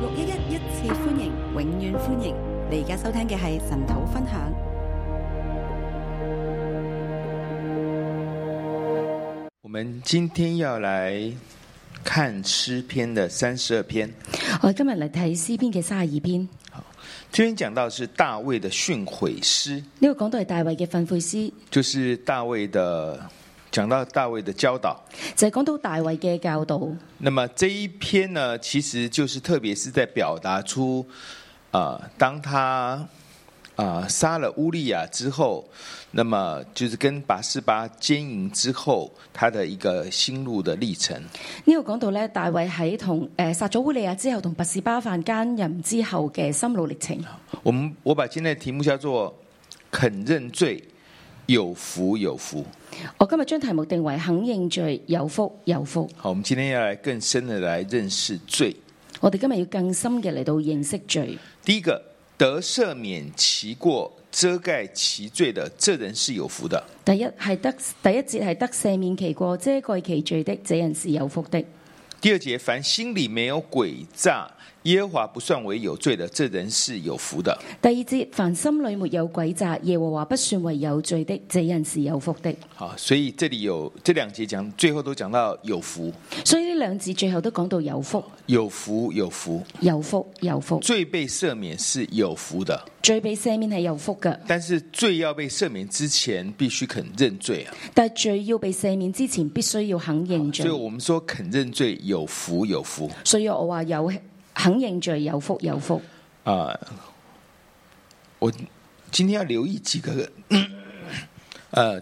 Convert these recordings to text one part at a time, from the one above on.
六一一一次歡迎，永遠歡迎。你而家收聽嘅係神土分享。我們今天要來看詩篇的三十二篇。我今日嚟睇詩篇嘅卅二篇。好，這篇講到是大衛的訓誨詩。呢個講到係大衛嘅訓誨詩，就是大衛的。講到大衛的教導，就係講到大衛嘅教導。那麼這一篇呢，其實就是特別是在表達出啊、呃，當他啊、呃、殺了烏利亞之後，那麼就是跟拔示巴奸淫之後，他的一個心路的歷程。呢、這個講到呢，大衛喺同誒、呃、殺咗烏利亞之後，同拔示巴犯奸淫之後嘅心路歷程。我們我把今天的題目叫做肯認罪有福有福。我今日將題目定為肯認罪，有福有福。好，我們今天要來更深的來認識罪。我哋今日要更深嘅嚟到認識罪。第一個，得赦免其過遮蓋其罪的，這人是有福的。第一係得，第一節係得赦免其過遮蓋其罪的，這人是有福的。第二節，凡心裏沒有詭詐。耶和華不算為有罪的，這人是有福的。第二節，凡心裏沒有詭詐，耶和華不算為有罪的，這人是有福的。好，所以這裏有這兩節講，最後都講到有福。所以呢兩節最後都講到有福。有福，有福。有福，有福。罪被赦免是有福的。罪被赦免係有福噶。但是罪要被赦免之前必須肯認罪啊。但係罪要被赦免之前必須要肯認罪。所以我們說肯認罪有福，有福。所以我話有。肯認罪有福有福啊！我今天要留意幾個，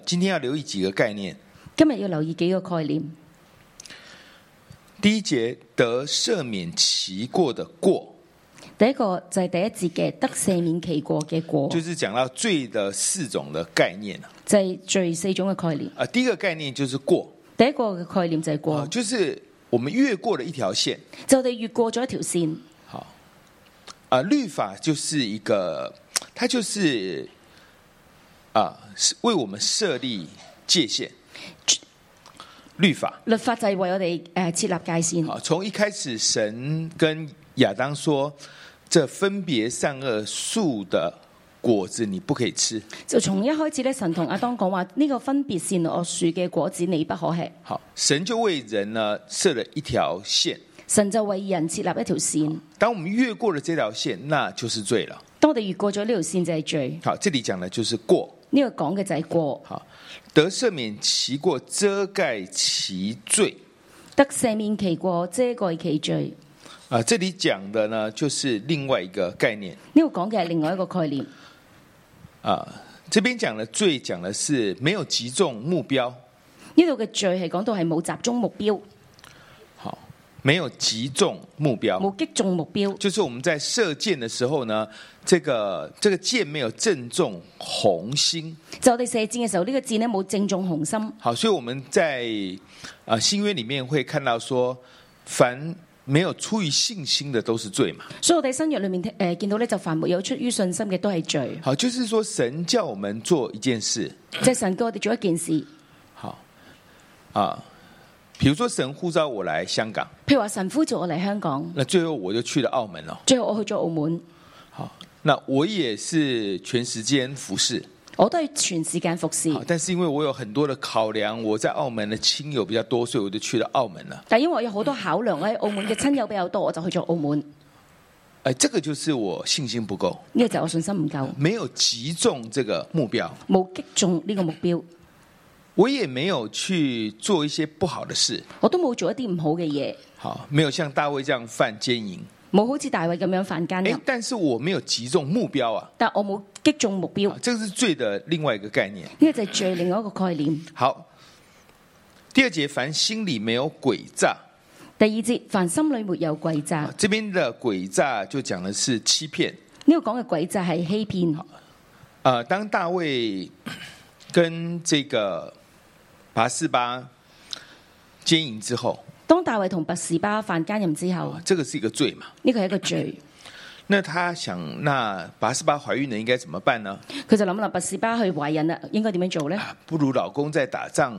今天要留意幾個概念。今日要留意幾個概念。第一節得赦免其過的過。第一個就係第一節嘅得赦免其過嘅過。就是講到罪的四種的概念啊。就係、是、罪四種嘅概念。啊，第一個概念就是過。第一個嘅概念就係過、呃，就是。我們越過了一條線，就我哋越過咗一條線。好，啊，律法就是一個，它就是啊，是為我們設立界限。律法，律法就係為我哋誒設立界線。好，從一開始神跟亞當說，這分別善惡樹的果子你不可以吃，就從一開始咧，神同阿當講話呢個分別善惡樹嘅果子你不可吃。好，神就為人呢設了一條線，神就為人設立一條線。當我們越過了這條線，那就是罪了。當我哋越過咗呢條線就係罪。好，這裏講嘅就是過，呢、這個講嘅就係過。好，得赦免其過遮蓋其罪，得赦免其過遮蓋其罪。啊，這裏講的呢就是另外一個概念，呢、這個講嘅係另外一個概念。啊，這邊講的罪講的是沒有擊中目標。呢度嘅罪係講到係冇集中目標，好，沒有擊中目標，冇擊中目標，就是我們在射箭嘅時候呢，這個這個箭沒有正中紅心。就我哋射箭嘅時候，呢個箭呢冇正中紅心。好，所以我們在啊新約裏面會看到說，凡。沒有出於信心的都是罪嘛，所以我哋新約裏面誒、呃、見到咧，就凡沒有出於信心嘅都係罪。好，就是說神叫我們做一件事，即係神叫我哋做一件事。好，啊，譬如說神呼召我來香港，譬如話神呼召我嚟香港，那最後我就去了澳門咯，最後我去咗澳門。好，那我也是全時間服侍。我都係全時間服侍，但是因為我有很多的考量，我在澳門的親友比較多，所以我就去了澳門啦。但因為我有好多考量，我喺澳門嘅親友比較多，我就去咗澳門。誒、欸，這個就是我信心不夠。呢、這個就係我信心唔夠，沒有擊中這個目標，冇擊中呢個目標。我也沒有去做一些不好的事，我都冇做一啲唔好嘅嘢。好，沒有像大衛這樣犯奸淫。冇好似大衛咁樣犯奸、欸。但是我沒有擊中目標啊！但我冇擊中目標。這個是罪的另外一個概念。呢個就係罪另外一個概念。好，第二節，凡心裏沒有詭詐。第二節，凡心裏沒有詭詐、啊。這邊的詭詐就講的是欺騙。呢、這個講嘅詭詐係欺騙、呃。當大衛跟這個拔示巴奸淫之後。當大衛同拔士巴犯奸淫之後、啊，這個是一個罪嘛？呢個係一個罪。那他想，那拔士巴懷孕了，應該怎麼辦呢？佢就諗啦，拔士巴去懷孕啦，應該點樣做呢、啊、不如老公在打仗，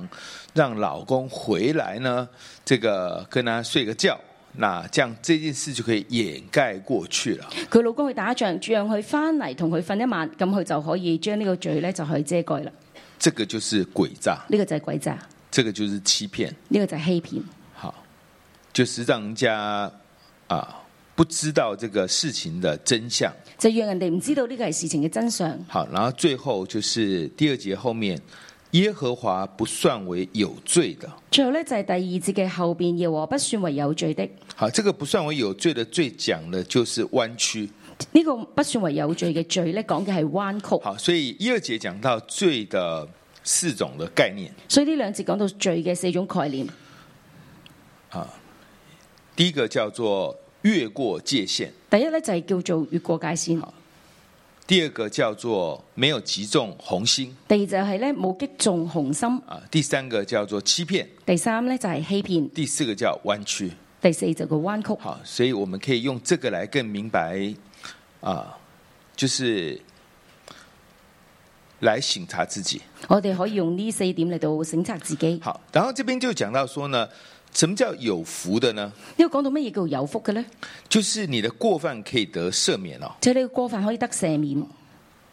讓老公回來呢？這個跟他睡個覺，那這樣這件事就可以掩蓋過去了。佢老公去打仗，讓佢翻嚟同佢瞓一晚，咁佢就可以將呢個罪咧就可以遮蓋啦。這個就是詭詐，呢個就係詭詐。這個就是欺騙，呢個就係欺騙。就是讓人家、啊、不知道這個事情的真相，就讓人哋唔知道呢個係事情嘅真相。好，然後最後就是第二節後面，耶和華不算為有罪的。最後呢，就係、是、第二節嘅後邊，耶和不算為有罪的。好，這個不算為有罪的罪講的就是彎曲。呢、這個不算為有罪嘅罪呢，講嘅係彎曲。好，所以一二節講到罪嘅四種的概念。所以呢兩節講到罪嘅四種概念，啊。第一個叫做越過界限，第一呢就係叫做越過界線。第二個叫做沒有擊中紅心，第二就係呢冇擊中紅心。啊，第三個叫做欺騙，第三呢就係欺騙。第四個叫彎曲，第四就係彎曲。好，所以我們可以用這個來更明白，啊，就是來省察自己。我哋可以用呢四點嚟到省察自己。好，然後這邊就講到說呢。什麼叫有福的呢？呢個講到乜嘢叫有福嘅咧？就是你的過犯可以得赦免咯，即係你過犯可以得赦免，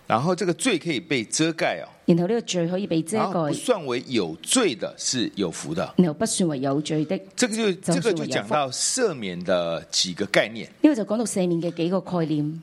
然後這個罪可以被遮蓋哦，然後呢個罪可以被遮蓋，哦，然後不算為有罪的，是有福的，又不算為有罪的，這個就，就這個就講到赦免的幾個概念，呢個就講到赦免嘅幾個概念。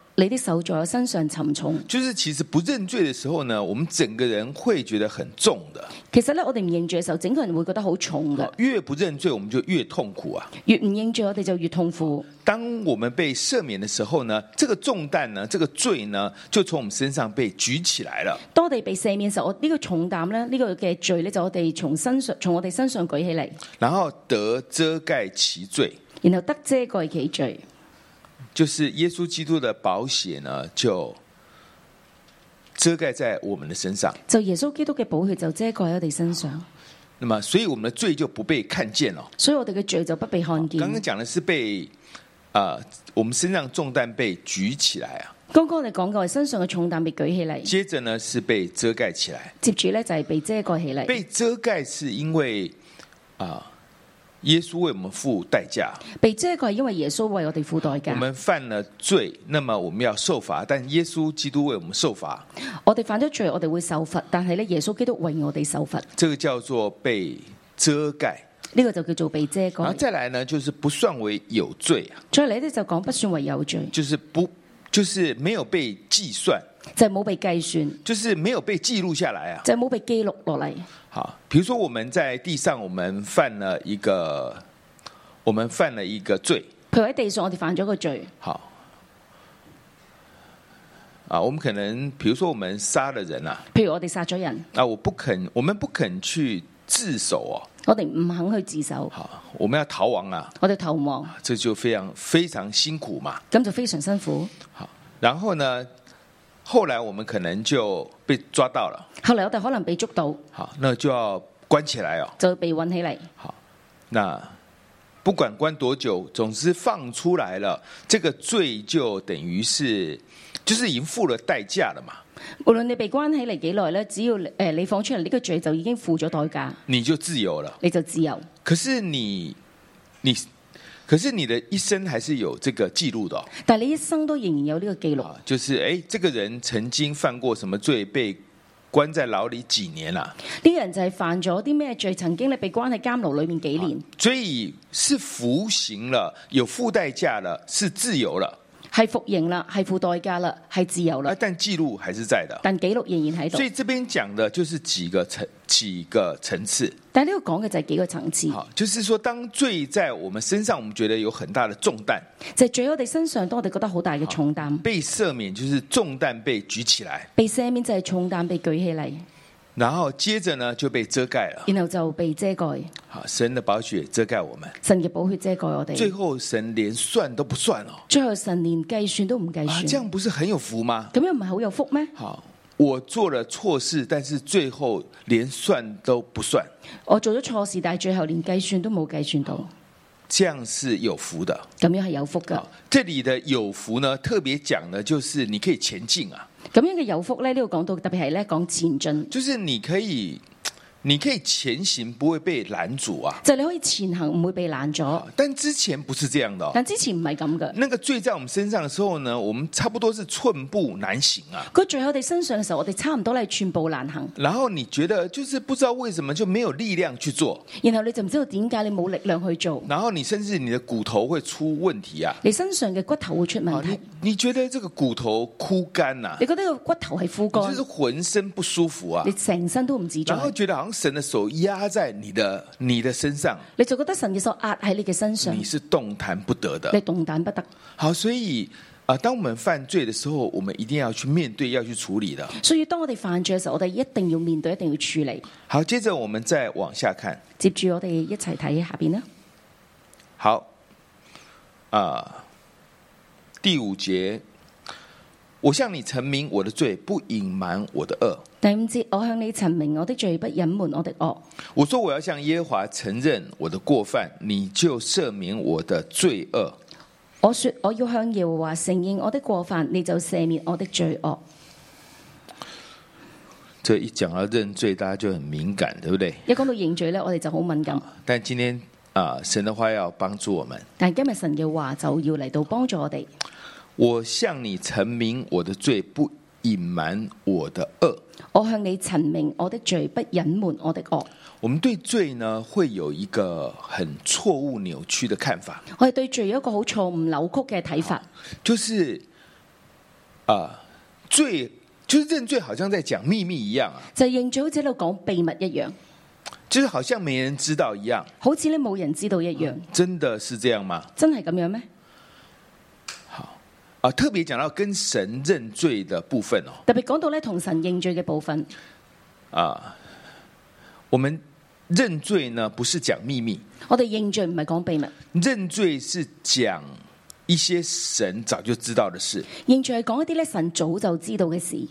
你的手在身上沉重，就是其實不認罪的時候呢，我們整個人會覺得很重的。其實呢，我哋唔認罪嘅時候，整個人會覺得好重嘅。越不認罪，我們就越痛苦啊！越唔認罪，我哋就越痛苦。當我們被赦免的時候呢，這個重擔呢，這個罪呢，就從我們身上被舉起來了。當我哋被赦免嘅時候，我呢個重擔呢，呢個嘅罪呢，就我哋從身上從我哋身上舉起嚟。然後得遮蓋其罪，然後得遮蓋其罪。就是耶穌基督的寶血呢，就遮蓋在我們的身上。就耶穌基督嘅寶血，就遮蓋喺我哋身上。那麼，所以我們的罪就不被看見了。所以我哋嘅罪就不被看見。剛剛講嘅是被啊、呃，我們身上重擔被舉起來啊。剛剛我哋講過身上嘅重擔被舉起嚟。接着呢，是被遮蓋起來。接住呢，就係、是、被遮蓋起嚟。被遮蓋是因為啊。呃耶穌為我們付代價，被遮蓋，因為耶穌為我哋付代價。我們犯了罪，那麼我們要受罰，但耶穌基督為我們受罰。我哋犯咗罪，我哋會受罰，但係咧，耶穌基督為我哋受罰。這個叫做被遮蓋，呢個就叫做被遮蓋。再來呢，就是不算為有罪啊。所以你哋就講不算為有罪，就是不。就是沒有被計算，就冇、是、被計算，就是沒有被記錄下來啊，就冇、是、被記錄落嚟。好，比如說我們在地上，我們犯了一個，我們犯了一個罪。譬如喺地上，我哋犯咗個罪。好，啊，我們可能，比如說我們殺了人啊，譬如我哋殺咗人，啊，我不肯，我們不肯去自首哦、啊。我哋唔肯去自首，好，我們要逃亡啊！我哋逃亡，這就非常非常辛苦嘛。咁就非常辛苦。好，然後呢，後來我們可能就被抓到了。後來我哋可能被捉到，好，那就要關起來哦，就被揾起嚟。好，那不管關多久，總之放出來了，這個罪就等於是，就是已經付了代價了嘛。無論你被關起嚟幾耐咧，只要誒你放出嚟，呢個罪就已經付咗代價。你就自由了，你就自由。可是你你，可是你的一生還是有這個記錄的，哦。但係你一生都仍然有呢個記錄，就是誒、哎，這個人曾經犯過什麼罪，被關在牢裏幾年啦？呢個人就係犯咗啲咩罪？曾經你被關喺監牢裏面幾年，啊、所以是服刑了，有付代價了，是自由了。係服刑啦，係付代價啦，係自由啦。但記錄還是在的，但記錄仍然喺度。所以這邊講的就是幾個層幾個層次。但呢個講嘅就係幾個層次。好，就是說當罪在我們身上，我們覺得有很大的重擔。就是、罪喺我哋身上，當我哋覺得很大的好大嘅重擔。被赦免就是重擔被舉起來。被赦免就係重擔被舉起嚟。然後接着呢，就被遮蓋了。然後就被遮蓋。好，神的寶血遮蓋我們。神的寶血遮蓋我哋。最後神連算都不算哦。最後神連計算都唔計算。啊，這樣不是很有福嗎？咁樣唔係好有福咩？好，我做了錯事，但是最後連算都不算。我做咗錯事，但係最後連計算都冇計算到。這樣是有福的。咁樣係有福嘅。這裏的有福呢，特別講呢，就是你可以前進啊。咁樣嘅有福咧，呢度講到特別係咧，講前進。就是你可以你可以前行不會被攔阻啊！就你可以前行唔會被攔阻。但之前不是這樣的。但之前唔係咁的。那個罪在我們身上的時候呢，我們差不多是寸步難行啊。佢罪喺我哋身上嘅時候，我哋差唔多係寸步難行。然後你覺得就是不知道為什麼就沒有力量去做。然後你就唔知道點解你冇力量去做。然後你甚至你的骨頭會出問題啊。你身上嘅骨頭會出問題、啊你。你覺得這個骨頭枯乾啊？你覺得個骨頭係枯乾？就是渾身不舒服啊。你成身都唔知道。然後覺得好像神的手壓在你的你的身上，你就覺得神的手壓在你嘅身上，你是動彈不得的。你動彈不得。好，所以啊、呃，當我們犯罪的時候，我們一定要去面對，要去處理的。所以，當我哋犯罪嘅時候，我哋一定要面對，一定要處理。好，接着我們再往下看，接住我哋一齊睇下邊呢。好，啊、呃，第五節，我向你陳明我的罪，不隱瞞我的惡。第五節，我向你陳明我的罪，不隱瞞我的惡。我說我要向耶和華承認我的過犯，你就赦免我的罪惡。我說我要向耶和華承認我的過犯，你就赦免我的罪惡。這一講到認罪，大家就很敏感，對不對？一講到認罪呢，我哋就好敏感、嗯。但今天啊，神的話要幫助我們。但今日神嘅話就要嚟到幫助我哋。我向你陳明我的罪不隱瞞我的惡，我向你陳明我的罪，不隱瞞我的惡。我們對罪呢，會有一個很錯誤扭曲的看法。我哋對罪有一個好錯誤扭曲嘅睇法，就是啊、呃，罪就是認罪，好像在講祕密一樣啊，就是、認罪好似喺度講祕密一樣，就是好像沒人知道一樣，好似你冇人知道一樣、嗯。真的是這樣嗎？真係咁樣咩？啊，特別講到跟神認罪的部分哦，特別講到咧同神認罪嘅部分。啊，我們認罪呢，不是講秘密，我哋認罪唔係講秘密，認罪是講一些神早就知道的事，認罪係講一啲咧神早就知道嘅事。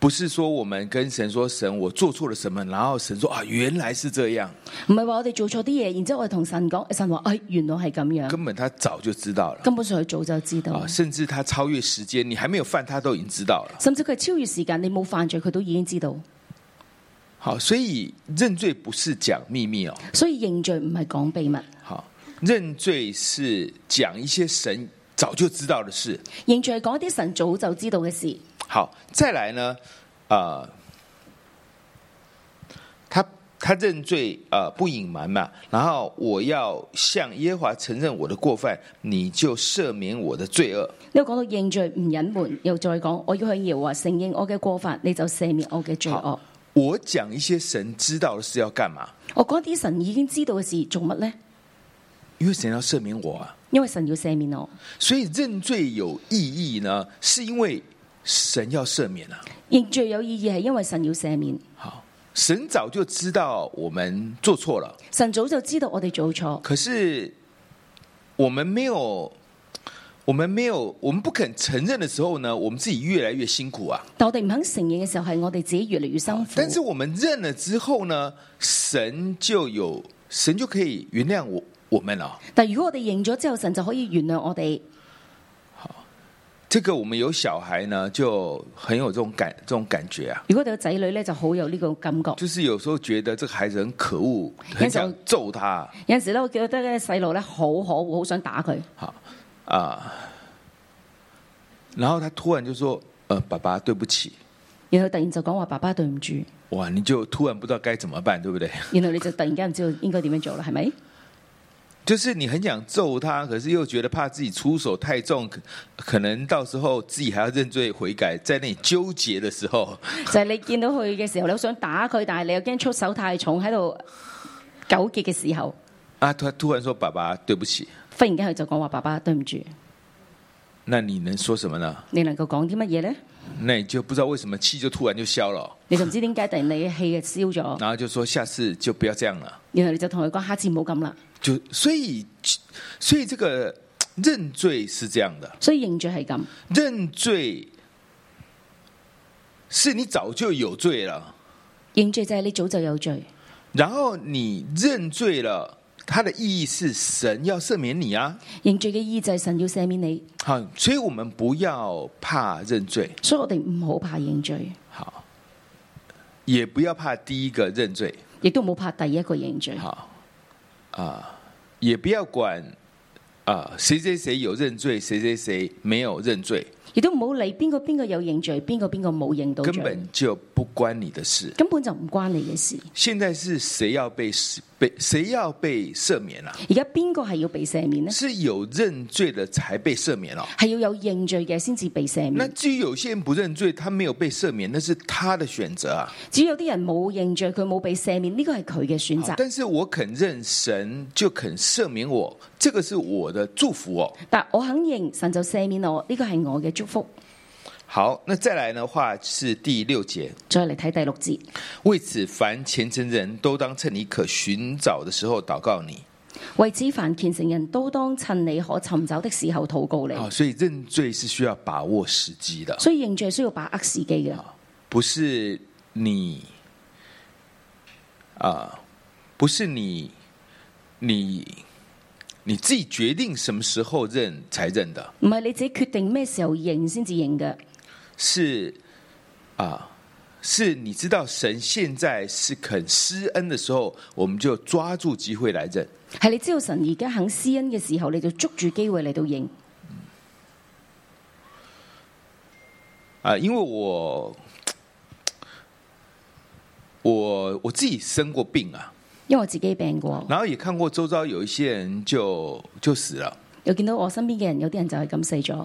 不是說我們跟神說神我做錯了什麼，然後神說啊，原來是這樣。唔係話我哋做錯啲嘢，然之後我哋同神講，神話誒原來係咁樣。根本他早就知道了。根本上佢早就知道，啊。甚至他超越時間，你還沒有犯，他都已經知道了。甚至佢超越時間，你冇犯罪，佢都已經知道。好，啊，所以認罪不是講秘密哦。所以認罪唔係講秘密。好，啊，認罪是講一些神早就知道的事。認罪係講一啲神早就知道嘅事。好，再來呢？呃，他他認罪，呃，不隱瞞嘛。然後我要向耶華承認我的過犯，你就赦免我的罪惡。你又講到認罪唔隱瞞，又再講我要向耶華承認我嘅過犯，你就赦免我嘅罪惡。我講一些神知道嘅事要幹嘛？我講啲神已經知道嘅事做乜呢？因為神要赦免我啊！因為神要赦免我。所以認罪有意義呢，是因為。神要赦免啦，認罪有意義係因為神要赦免。好，神早就知道我們做錯了，神早就知道我哋做錯。可是我們沒有，我們沒有，我們不肯承認的時候呢？我們自己越來越辛苦啊！但我哋唔肯承認嘅時候，係我哋自己越嚟越辛苦。但是我們認了之後呢？神就有，神就可以原諒我我們啦。但如果我哋認咗之後，神就可以原諒我哋啊。這個我們有小孩呢，就很有這種感這種感覺啊。如果你有仔女呢，就好有呢個感覺。就是有時候覺得這個孩子很可惡，很想揍他。有陣時咧，我覺得咧細路呢，好可惡，好想打佢。吓啊！然後他突然就說：呃，爸爸對不起。然後突然就講話、呃：爸爸對唔住。哇！你就突然不知道該怎麼辦，對不對？然後你就突然間唔知道應該點樣做啦，係咪？ 就是你很想揍他，可是又覺得怕自己出手太重，可能到時候自己還要認罪悔改，在那裡糾結的時候。就係、是、你見到佢嘅時候，你想打佢，但係你又驚出手太重，喺度糾結嘅時候。啊，他突然說：爸爸，對不起。忽然間佢就講話：爸爸，對唔住。那你能說什麼呢？你能夠講啲乜嘢呢？那你就不知道為什麼氣就突然就消了。你就唔知點解突然你氣就消咗。 然後就說下次就不要這樣了。然後你就同佢講，下次唔好咁啦。就所以，所以這個認罪是這樣的。所以認罪係咁。認罪是你早就有罪了。認罪就係你早就有罪。然後你認罪了，它的意義是神要赦免你啊。認罪嘅意義就係神要赦免你。好，所以我們不要怕認罪。所以我哋唔好怕認罪。好，也不要怕第一個認罪。亦都唔好怕第一個認罪。好。啊，也不要管啊，誰誰誰有認罪，誰誰誰沒有認罪，亦都唔好理邊個邊個有認罪，邊個邊個冇認到，根本就不關你的事，根本就唔關你嘅事。現在是誰要被被誰要被赦免啦、啊？而家邊個係要被赦免呢？是有認罪的才被赦免咯。哦，係要有認罪嘅先至被赦免。那至於有些人不認罪，他沒有被赦免，那是他的選擇啊。至於有啲人冇認罪，佢冇被赦免，呢個係佢嘅選擇。但是我肯認神，就肯赦免我，這個是我的祝福哦。但我肯認神就赦免我，呢個係我嘅祝福。好，那再來的話是第六節。再嚟睇第六節。為此，凡虔誠人都當趁你可尋找的時候禱告你。為此，凡虔誠人都當趁你可尋找的時候禱告你。啊，所以認罪是需要把握時機的。所以認罪需要把握時機嘅。啊，不是你啊，不是你，你你自己決定什麼時候認才認的？唔係你自己決定咩時候認先至認嘅？是，啊，是你知道神現在是肯施恩的時候，我們就抓住機會來認。係你知道神而家肯施恩嘅時候，你就捉住機會嚟到認。啊，因為我我我自己生過病啊，因為我自己病過，然後也看過周遭有一些人就就死了，有見到我身邊嘅人，有啲人就係咁死咗。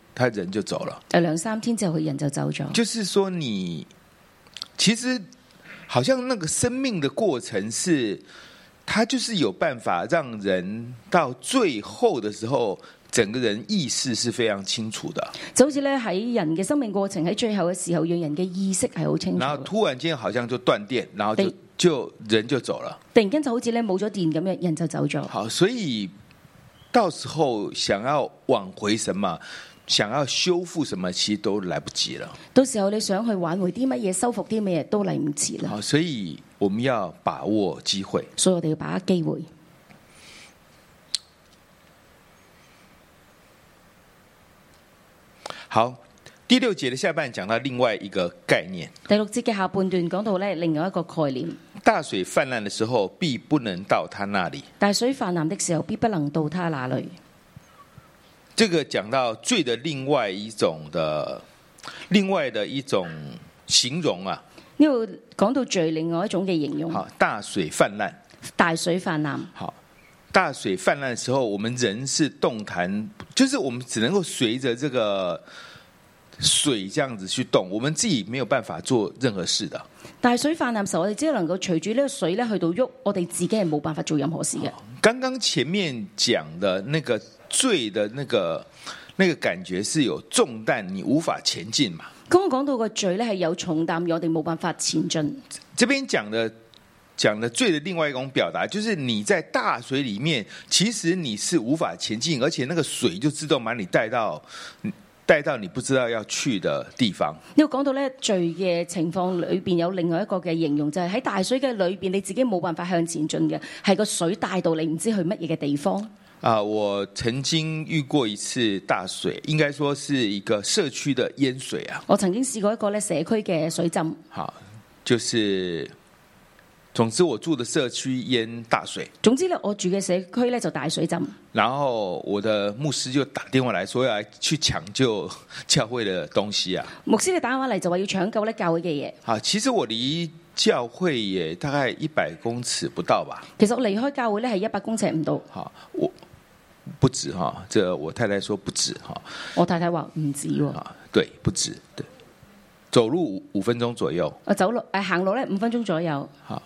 他人就走了，誒，兩三天之後，人就走咗。就是說，你其實好像那個生命的過程是，他就是有辦法讓人到最後的時候，整個人意識是非常清楚的。就好似呢，喺人嘅生命過程喺最後嘅時候，讓人嘅意識係好清楚。然後突然間，好像就斷電，然後就就人就走了。突然間就好似呢，冇咗電咁樣，人就走咗。好，所以到時候想要挽回什麼？想要修復什麼，其實都來不及了。到時候你想去挽回啲乜嘢，修復啲乜嘢都嚟唔切啦。所以我們要把握機會。所以我哋要把握機會。好，第六節嘅下半講到另外一個概念。第六節嘅下半段講到呢，另外一個概念。大水泛濫嘅時候，必不能到他那裏。大水泛濫的時候，必不能到他那裏。這個講到罪的另外一種的，另外的一種形容啊。呢、這個講到罪另外一種嘅形容。好，大水泛濫。大水泛濫。好，大水泛濫的時候，我們人是動彈，就是我們只能夠隨着這個水這樣子去動，我們自己沒有辦法做任何事的。大水泛濫的時候，我哋只能夠隨住呢個水咧去到喐，我哋自己係冇辦法做任何事嘅。剛剛前面講的那個。罪的那個那個感覺是有重擔，你無法前進嘛？咁我講到個罪咧係有重擔，我哋冇辦法前進。這邊講的講的罪的另外一種表達，就是你在大水裏面，其實你是無法前進，而且那個水就自動把你帶到帶到你不知道要去的地方。你講到咧罪嘅情況裏邊有另外一個嘅形容，就係、是、喺大水嘅裏邊，你自己冇辦法向前進嘅，係個水帶到你唔知去乜嘢嘅地方。啊！我曾經遇過一次大水，應該說是一個社區的淹水啊。我曾經試過一個咧社區的水浸。好，就是總之我住的社區淹大水。總之咧，我住的社區咧就大水浸。然後我的牧師就打電話來說要嚟去搶救教會的東西啊。牧師你打電話嚟就話要搶救咧教會嘅嘢。好、啊，其實我離教會也大概一百公尺不到吧。其實我離開教會咧係一百公尺唔到。好，我。不止哈，這我太太說不止哈。我太太話唔止。啊、嗯，對，不止。對，走路五分鐘左右。啊，走路誒，行路咧五分鐘左右。好，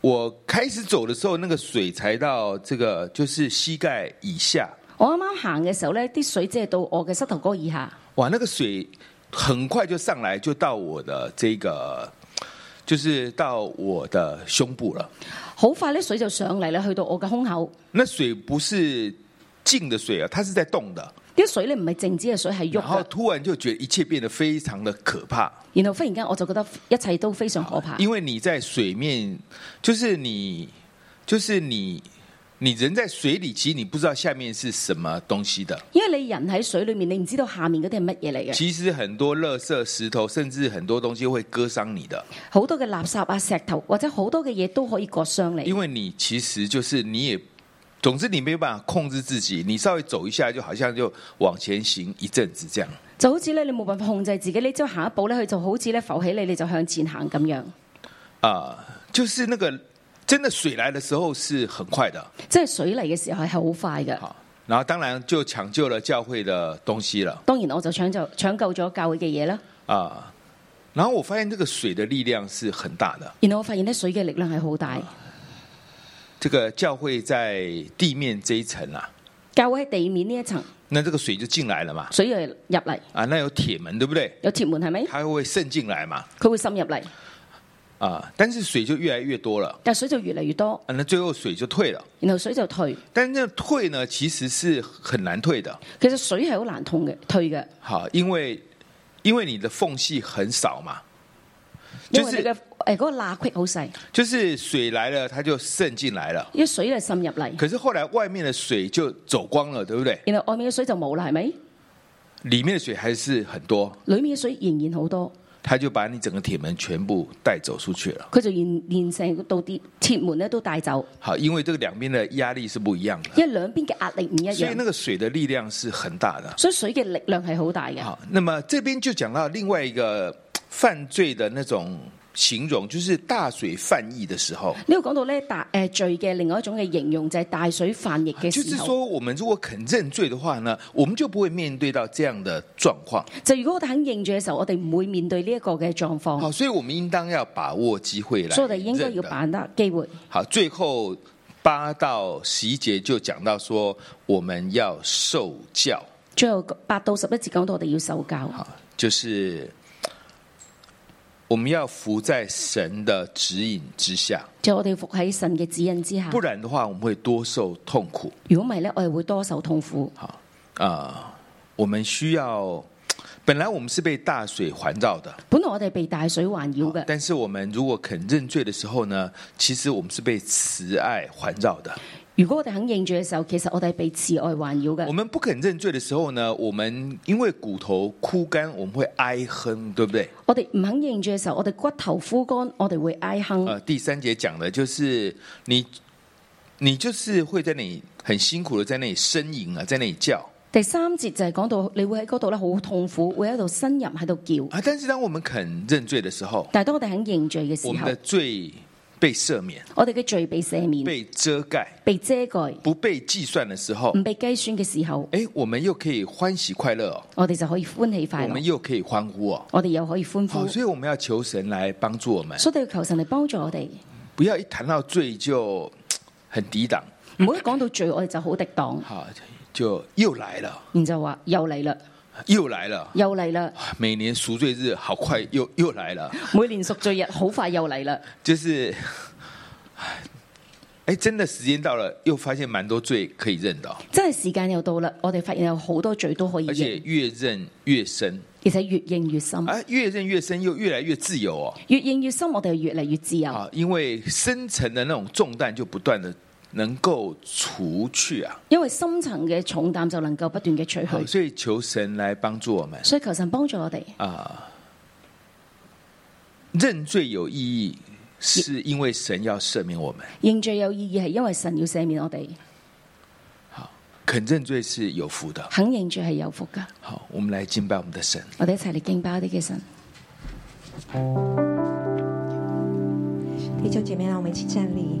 我開始走的時候，那個水才到這個，就是膝蓋以下。我啱啱行嘅時候咧，啲水只係到我嘅膝頭哥以下。哇，那個水很快就上來，就到我的這個，就是到我的胸部了。好快咧，水就上嚟了，去到我嘅胸口。那水不是靜的水啊，它是在的、這個、是是動的。啲水你唔係靜止嘅水，係喐。然後突然就覺得一切變得非常的可怕。然後忽然間我就覺得一切都非常可怕。因為你在水面，就是你，就是你，你人在水裏，其實你不知道下面是什麼東西的。因為你人喺水裏面，你唔知道下面嗰啲係乜嘢嚟嘅。其實很多垃圾、石頭，甚至很多東西會割傷你的。好多嘅垃圾啊、石頭，或者好多嘅嘢都可以割傷你。因為你其實就是你也。總之你沒有辦法控制自己，你稍微走一下，就好像就往前行一陣子，這樣。就好似你冇辦法控制自己，你只要行一步咧，佢就好似浮起你，你就向前行咁樣。啊，就是那個真的水來的時候是很快的，即係水嚟嘅時候係好快嘅。好，然後當然就搶救了教會的東西了。當然我就搶救搶救咗教會嘅嘢啦啊，然後我發現呢水嘅力量是很大的。然後我發現呢水嘅力量係好大。啊這個教會在地面這一層啦，啊，教會喺地面呢一層，那這個水就進來了嘛，水就入嚟。啊，那有鐵門對不對？有鐵門係咪？它會滲進來嘛？佢會滲入嚟。啊，但是水就越來越多了，但水就越嚟越多，啊，那最後水就退了，然後水就退，但呢個退呢其實是很難退的，其實水係好難通嘅，退嘅，好，因為因為你的縫隙很少嘛，就是。誒，嗰個罅隙好細，就是水來了，它就滲進來了。因為水就滲入嚟，可是後來外面的水就走光了，對不對？然後外面嘅水就冇啦，係咪？裏面嘅水還是很多，裏面嘅水仍然好多，它就把你整個鐵門全部帶走出去了。佢就連成到啲鐵門咧都帶走。好，因為這個兩邊的壓力是不一樣的，因為兩邊嘅壓力唔一樣，所以那個水的力量是很大的。所以水嘅力量係好大嘅。好，那麼這邊就講到另外一個犯罪的那種。形容就是大水泛溢的時候。你、這個講到咧大誒罪嘅另外一種嘅形容就係、是、大水泛溢嘅時候、啊。就是說，我們如果肯認罪嘅話呢，我們就不會面對到這樣的狀況。就如果我哋肯認罪嘅時候，我哋唔會面對呢一個嘅狀況。好、啊，所以我們應當要把握機會來所以我哋應該要把握機會。好、啊，最後八到十一節就講到說，我們要受教。最後八到十一節講到我哋要受教、嗯。好，就是。我們要服在神的指引之下，就我們服喺神的指引之下。不然的話，我們會多受痛苦。如果唔係咧，我哋會多受痛苦。好啊、呃，我們需要。本來我們是被大水環繞的，本來我哋被大水環繞嘅。但是我們如果肯認罪的時候呢，其實我們是被慈愛環繞的。如果我哋肯認罪嘅時候，其實我哋係被慈愛環繞嘅。我們不肯認罪嘅時候呢？我們因為骨頭枯乾，我們會哀哼，對不對？我哋唔肯認罪嘅時候，我哋骨頭枯乾，我哋會哀哼。啊，第三節講嘅就是你，你就是會在那裏很辛苦地在那裏呻吟啊，在那裏叫。第三節就係講到你會喺嗰度咧，好痛苦，會喺度呻吟，喺度叫。啊，但是當我們肯認罪嘅時候，但係當我哋肯認罪嘅時候，我們的罪，被赦免，我哋嘅罪被赦免，被遮蓋，被遮蓋，不被計算嘅時候，唔被計算嘅時候，誒、欸，我們又可以歡喜快樂，我哋就可以歡喜快樂，我們又可以歡呼，我哋又，又可以歡呼，好，所以我們要求神來幫助我們，所以要求神嚟幫助我哋，不要一談到罪就很抵擋，唔好一講到罪我哋就好抵擋，好，就又來了，然後就話又嚟啦。又來了，又嚟啦！每年贖罪日好快又又來了，每年贖罪日好快又嚟啦 。就是，哎，真的時間到了，又發現蠻多罪可以認到。真係時間又到啦，我哋發現有好多罪都可以認，而且越認越深，而且越認越深。哎、啊，越認越深又越來越自由哦、啊。越認越深，我哋就越嚟越自由。啊，因為深層的那種重擔就不斷的。能夠除去啊，因為深層嘅重擔就能夠不斷嘅除去，所以求神來幫助我們。所以求神幫助我哋。啊，認罪有意義，是因為神要赦免我們。認罪有意義係因為神要赦免我哋。好，肯認罪是有福的，肯認罪係有福㗎。好，我們來敬拜我們的神。我哋一齊嚟敬拜我哋嘅神。弟兄姐妹，讓我們一起站立。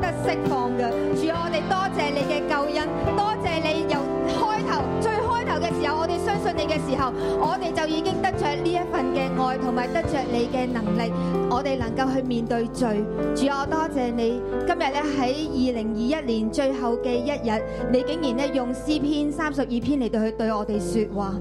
得釋放嘅，主啊，我哋多謝你嘅救恩，多謝你由開頭最開頭嘅時候，我哋相信你嘅時候，我哋就已經得着呢一份嘅愛，同埋得着你嘅能力，我哋能夠去面對罪。主啊，我多謝你，今日咧喺二零二一年最後嘅一日，你竟然咧用詩篇三十二篇嚟到去對我哋說話，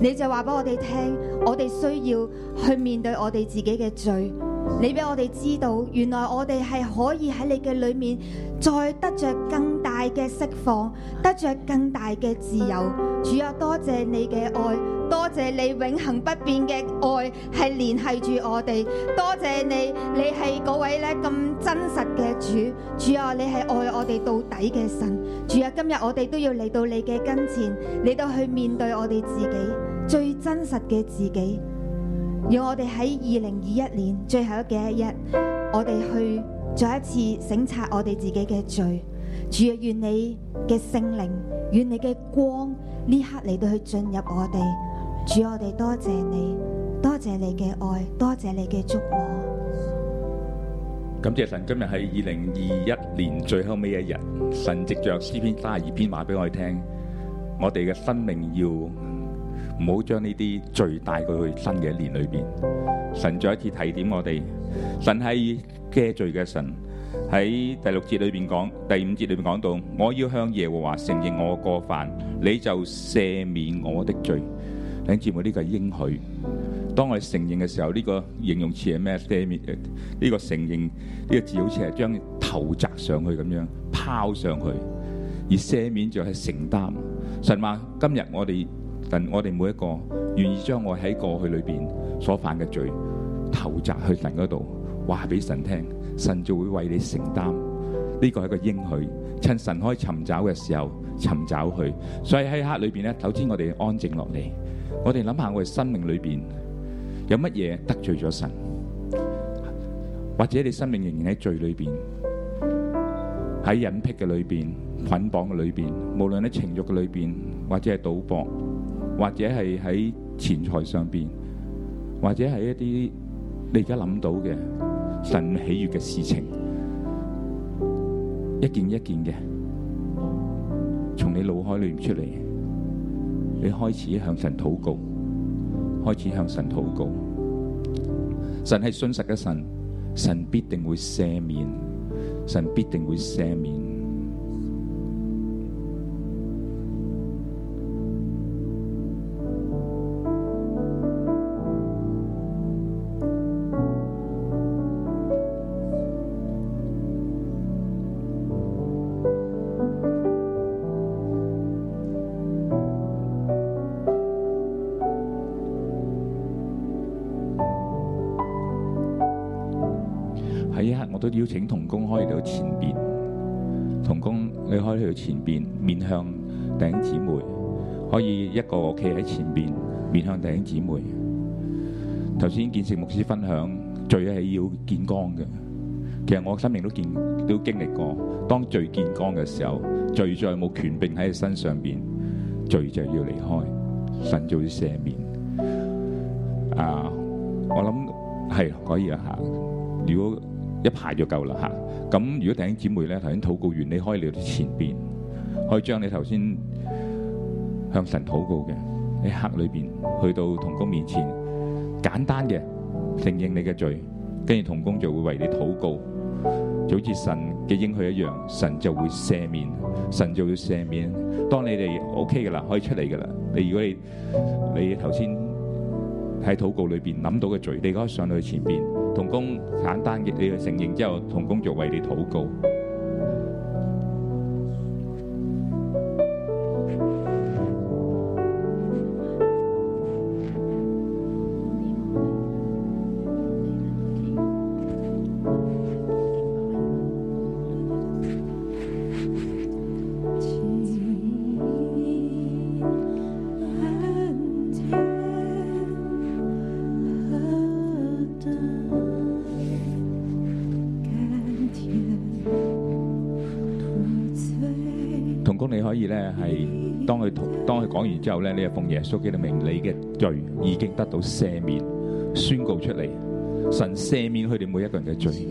你就話俾我哋聽，我哋需要去面對我哋自己嘅罪。你俾我哋知道，原來我哋係可以喺你嘅裏面，再得着更大嘅釋放，得着更大嘅自由。主啊，多謝你嘅愛，多謝你永恒不變嘅愛，係聯繫住我哋。多謝你，你係嗰位咧咁真實嘅主。主啊，你係愛我哋到底嘅神。主啊，今日我哋都要嚟到你嘅跟前，嚟到去面對我哋自己，最真實嘅自己。要我哋喺二零二一年最後嘅一日，我哋去再一次省察我哋自己嘅罪。主，願你嘅聖靈，願你嘅光呢刻嚟到去進入我哋。主，我哋多謝你，多謝你嘅愛，多謝你嘅祝福。感謝神，今日喺二零二一年最後尾一日，神藉着詩篇三二篇話俾我哋聽，我哋嘅生命要。唔好將呢啲罪帶過去新嘅一年裏邊。神再一次提點我哋，神係赦罪嘅神，喺第六節裏邊講，第五節裏邊講到，我要向耶和華承認我過犯，你就赦免我的罪。弟兄姊妹，呢個應許，當我哋承認嘅時候，呢個形容詞係咩？赦免，呢個承認呢個字好似係將頭擲上去咁樣拋上去，而赦免就係承擔。神話今日我哋。但，我哋每一個願意將我喺過去裏邊所犯嘅罪投擲去神嗰度，話俾神聽，神就會為你承擔。呢個係一個應許。趁神可以尋找嘅時候，尋找佢。所以喺黑裏邊呢，首先我哋安靜落嚟，我哋諗下我哋生命裏邊有乜嘢得罪咗神，或者你生命仍然喺罪裏邊，喺隱僻嘅裏邊，捆綁嘅裏邊，無論喺情慾嘅裏邊或者係賭博。或者係喺錢財上邊，或者係一啲你而家諗到嘅，神喜悅嘅事情，一件一件嘅，從你腦海裏面出嚟，你開始向神禱告，開始向神禱告，神係信實嘅神，神必定會赦免，神必定會赦免。喺一刻我都邀請同工可以嚟到前邊，同工你可以嚟到前邊面向弟兄姊妹，可以一個個企喺前邊面向弟兄姊妹。頭先見聖牧師分享罪係要見光嘅，其實我生命都見都經歷過，當罪見光嘅時候，罪在冇權柄喺你身上邊，罪就要離開，神就要赦免。啊，我諗係可以吓，如果。一排就夠啦嚇！咁如果弟兄姊妹咧，頭先禱告完，你可以嚟到前邊，可以將你頭先向神禱告嘅喺黑裏邊，去到同工面前，簡單嘅承認你嘅罪，跟住同工就會為你禱告，就好似神嘅應許一樣，神就會赦免，神就會赦免。當你哋 OK 嘅啦，可以出嚟嘅啦。你如果你你頭先喺禱告裏邊諗到嘅罪，你可以上到去前邊。同工簡單嘅，你要承認之後，同工就為你禱告。講完之後咧，呢一封耶穌基督名，你嘅罪已經得到赦免，宣告出嚟，神赦免佢哋每一個人嘅罪。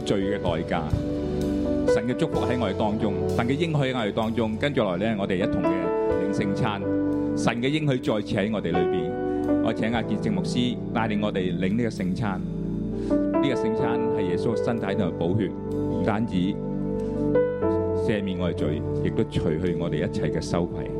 罪嘅代價，神嘅祝福喺我哋當中，神嘅應許喺我哋當中。跟住落嚟咧，我哋一同嘅領聖餐，神嘅應許再次喺我哋裏邊。我請阿傑正牧師帶領我哋領呢個聖餐。呢個聖餐係耶穌身體同埋寶血，唔單止赦免我哋罪，亦都除去我哋一切嘅羞愧。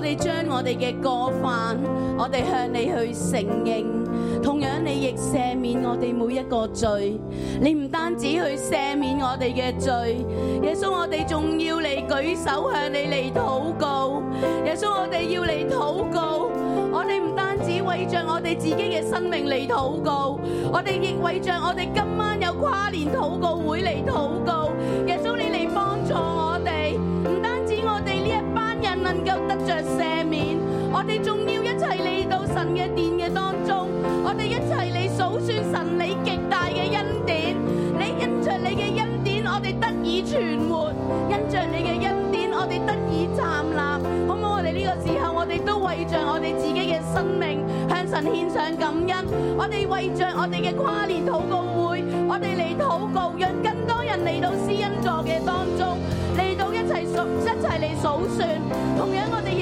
我哋將我哋嘅過犯，我哋向你去承認，同樣你亦赦免我哋每一個罪。你唔單止去赦免我哋嘅罪，耶穌我哋仲要嚟舉手向你嚟禱告。耶穌我哋要嚟禱告。我哋唔單止為着我哋自己嘅生命嚟禱告，我哋亦為着我哋今晚有跨年禱告會嚟禱告。着赦免，我哋仲要一齊嚟到神嘅殿嘅當中，我哋一齊嚟數算神你極大嘅恩典，你因着你嘅恩典，我哋得以存活；因着你嘅恩典，我哋得以站立。好唔好？我哋呢個時候，我哋都為着我哋自己嘅生命向神獻上感恩。我哋為着我哋嘅跨年禱告會，我哋嚟禱告，讓更多人嚟到施恩座嘅當中，嚟到一齊數一齊嚟數算，同樣我。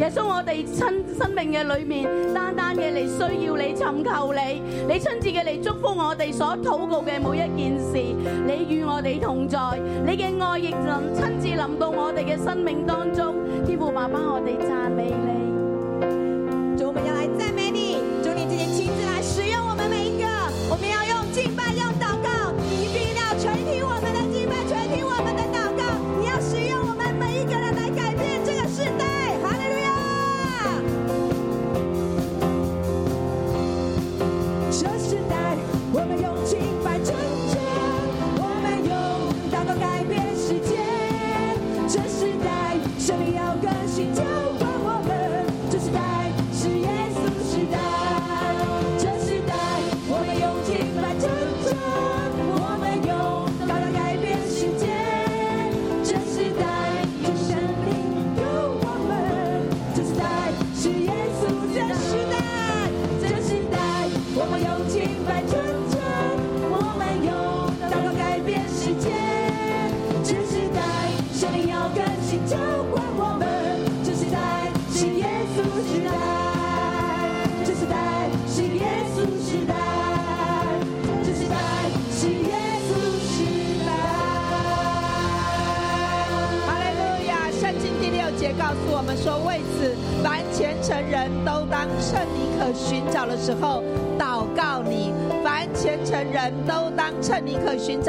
耶穌，我哋親生命嘅裏面，單單嘅嚟，需要你尋求你，你親自嘅嚟祝福我哋所禱告嘅每一件事，你與我哋同在，你嘅愛亦能親自臨到我哋嘅生命當中，天父爸爸，我哋讚美你。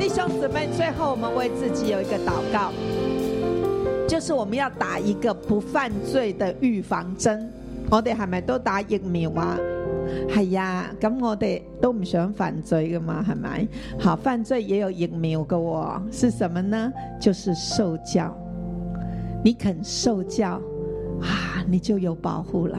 弟兄姊妹，最後我們為自己有一個禱告，就是我們要打一個不犯罪的預防針。我哋係咪都打疫苗啊？係呀，咁我哋都唔想犯罪噶嘛，係咪？好，犯罪也有疫苗噶，哦，是什麼呢？就是受教。你肯受教啊，你就有保護了。